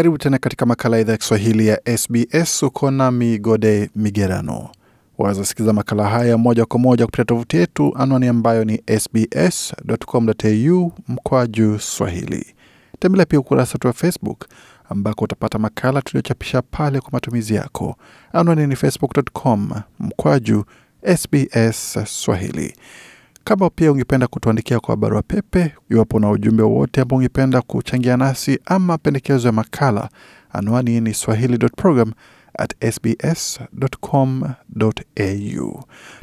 Karibu tena katika makala ya idhaa ya Kiswahili ya SBS. Uko nami Gode Migerano. Waweza sikiliza makala haya moja kwa moja kupitia tovuti yetu, anwani ambayo ni sbs.com.au mkwaju swahili. Tembelea pia ukurasa wetu wa Facebook ambako utapata makala tuliochapisha pale kwa matumizi yako. Anwani ni facebook.com mkwaju sbs swahili. Kama pia ungependa kutuandikia kwa barua pepe, iwapo na ujumbe wowote ambao ungependa kuchangia nasi ama pendekezo ya makala, anwani ni swahili.program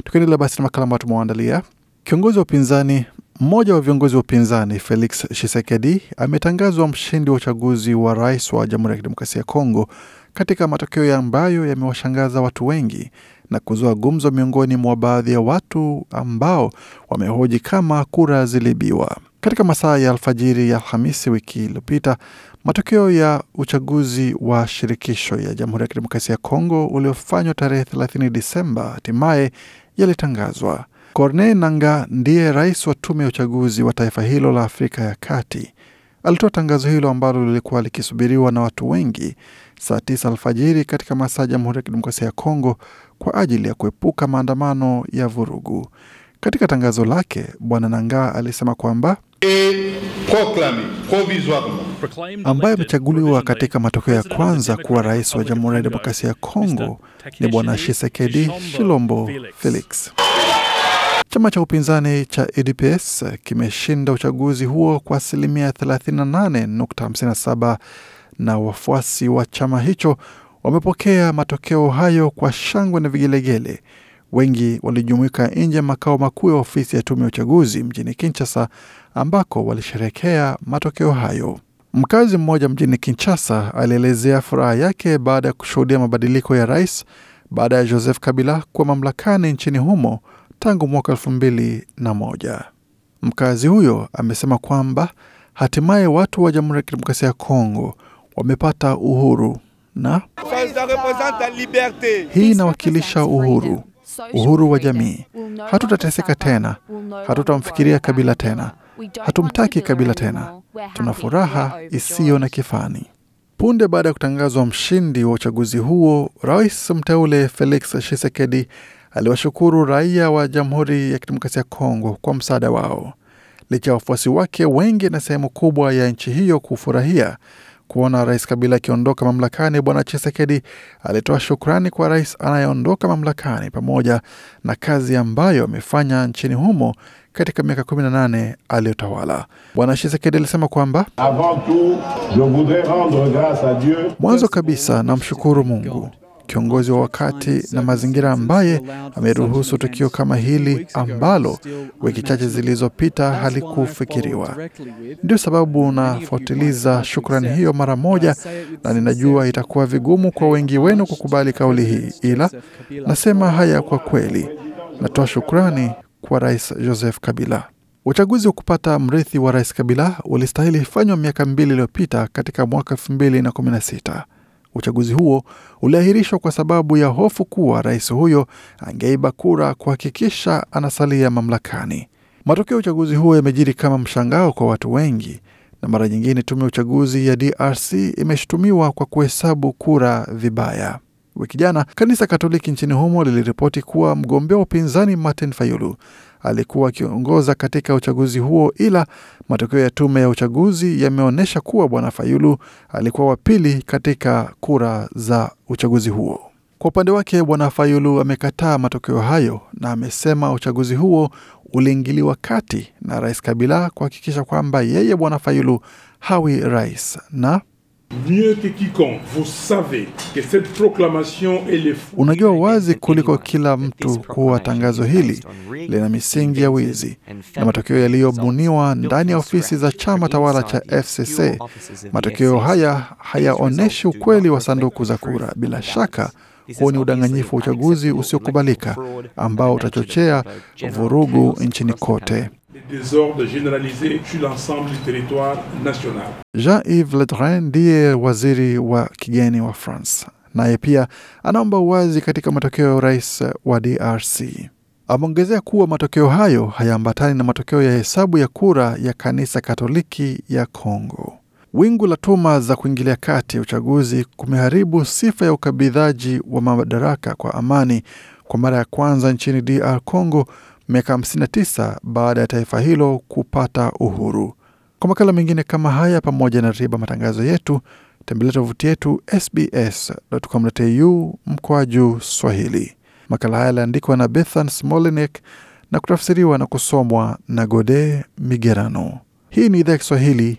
Tukiendelea basi na makala ambayo tumewaandalia, kiongozi wa upinzani mmoja wa viongozi wa upinzani Felix Tshisekedi ametangazwa mshindi wa uchaguzi wa rais wa Jamhuri ya Kidemokrasia ya Kongo katika matokeo ambayo yamewashangaza watu wengi na kuzua gumzo miongoni mwa baadhi ya watu ambao wamehoji kama kura ziliibiwa. Katika masaa ya alfajiri ya Alhamisi wiki iliyopita, matokeo ya uchaguzi wa shirikisho ya Jamhuri ya Kidemokrasia ya Kongo uliofanywa tarehe 30 Disemba hatimaye yalitangazwa. Corneille nanga ndiye rais wa tume ya uchaguzi wa taifa hilo la Afrika ya Kati. Alitoa tangazo hilo ambalo lilikuwa likisubiriwa na watu wengi saa tisa alfajiri katika masaa ya Jamhuri ya Kidemokrasia ya Kongo, kwa ajili ya kuepuka maandamano ya vurugu. Katika tangazo lake, Bwana nanga alisema kwamba e ambaye amechaguliwa katika matokeo ya kwanza kuwa rais wa Jamhuri ya Demokrasia ya Kongo ni Bwana shisekedi shilombo Felix. Chama cha upinzani cha UDPS kimeshinda uchaguzi huo kwa asilimia 38.57 na wafuasi wa chama hicho wamepokea matokeo hayo kwa shangwe na vigelegele. Wengi walijumuika nje makao makuu ya ofisi ya tume ya uchaguzi mjini Kinshasa, ambako walisherehekea matokeo hayo. Mkazi mmoja mjini Kinshasa alielezea furaha yake baada ya kushuhudia mabadiliko ya rais baada ya Joseph Kabila kuwa mamlakani nchini humo tangu mwaka elfu mbili na moja. Mkazi huyo amesema kwamba hatimaye watu wa Jamhuri ya Kidemokrasia ya Kongo wamepata uhuru na hii inawakilisha uhuru, uhuru wa jamii. Hatutateseka tena, hatutamfikiria Kabila tena, hatumtaki Kabila tena. Tuna furaha isiyo na kifani. Punde baada ya kutangazwa mshindi wa uchaguzi huo, rais mteule Felix Tshisekedi aliwashukuru raia wa Jamhuri ya Kidemokrasia ya Kongo kwa msaada wao, licha ya wafuasi wake wengi na sehemu kubwa ya nchi hiyo kufurahia kuona Rais Kabila akiondoka mamlakani, Bwana Chisekedi alitoa shukrani kwa rais anayeondoka mamlakani pamoja na kazi ambayo amefanya nchini humo katika miaka 18 aliyotawala. Bwana Shisekedi alisema kwamba mwanzo kabisa namshukuru Mungu kiongozi wa wakati na mazingira ambaye ameruhusu tukio kama hili ambalo wiki chache zilizopita halikufikiriwa. Ndio sababu unafuatiliza shukrani hiyo mara moja, na ninajua itakuwa vigumu kwa wengi wenu kukubali kauli hii, ila nasema haya kwa kweli. Natoa shukrani kwa Rais Joseph Kabila. Uchaguzi wa kupata mrithi wa rais Kabila ulistahili fanywa miaka mbili iliyopita katika mwaka elfu mbili na kumi na sita. Uchaguzi huo uliahirishwa kwa sababu ya hofu kuwa rais huyo angeiba kura kuhakikisha anasalia mamlakani. Matokeo ya uchaguzi huo yamejiri kama mshangao kwa watu wengi, na mara nyingine tume ya uchaguzi ya DRC imeshutumiwa kwa kuhesabu kura vibaya. Wiki jana kanisa Katoliki nchini humo liliripoti kuwa mgombea wa upinzani Martin Fayulu alikuwa akiongoza katika uchaguzi huo, ila matokeo ya tume ya uchaguzi yameonyesha kuwa bwana Fayulu alikuwa wa pili katika kura za uchaguzi huo. Kwa upande wake, bwana Fayulu amekataa matokeo hayo na amesema uchaguzi huo uliingiliwa kati na Rais Kabila kuhakikisha kwamba yeye bwana Fayulu hawi rais na Mieux que quiconque, vous savez que cette proclamation est le Unajua wazi kuliko kila mtu kuwa tangazo hili lina misingi ya wizi na matokeo yaliyobuniwa ndani ya ofisi za chama tawala cha FCC. Matokeo haya hayaonyeshi ukweli wa sanduku za kura. Bila shaka huu ni udanganyifu wa uchaguzi usiokubalika ambao utachochea vurugu nchini kote. Jean-Yves Le Drian ndiye waziri wa kigeni wa France, naye pia anaomba uwazi katika matokeo ya urais wa DRC. Ameongezea kuwa matokeo hayo hayaambatani na matokeo ya hesabu ya kura ya kanisa Katoliki ya congo Wingu la tuma za kuingilia kati ya uchaguzi kumeharibu sifa ya ukabidhaji wa madaraka kwa amani kwa mara ya kwanza nchini DR Congo miaka 59 baada ya taifa hilo kupata uhuru. Kwa makala mengine kama haya pamoja na ratiba matangazo yetu, tembelea tovuti yetu sbs.com.au mkwaju Swahili. Makala haya yaliandikwa na Bethan Smolenik na kutafsiriwa na kusomwa na Gode Migerano. Hii ni idhaa ya Kiswahili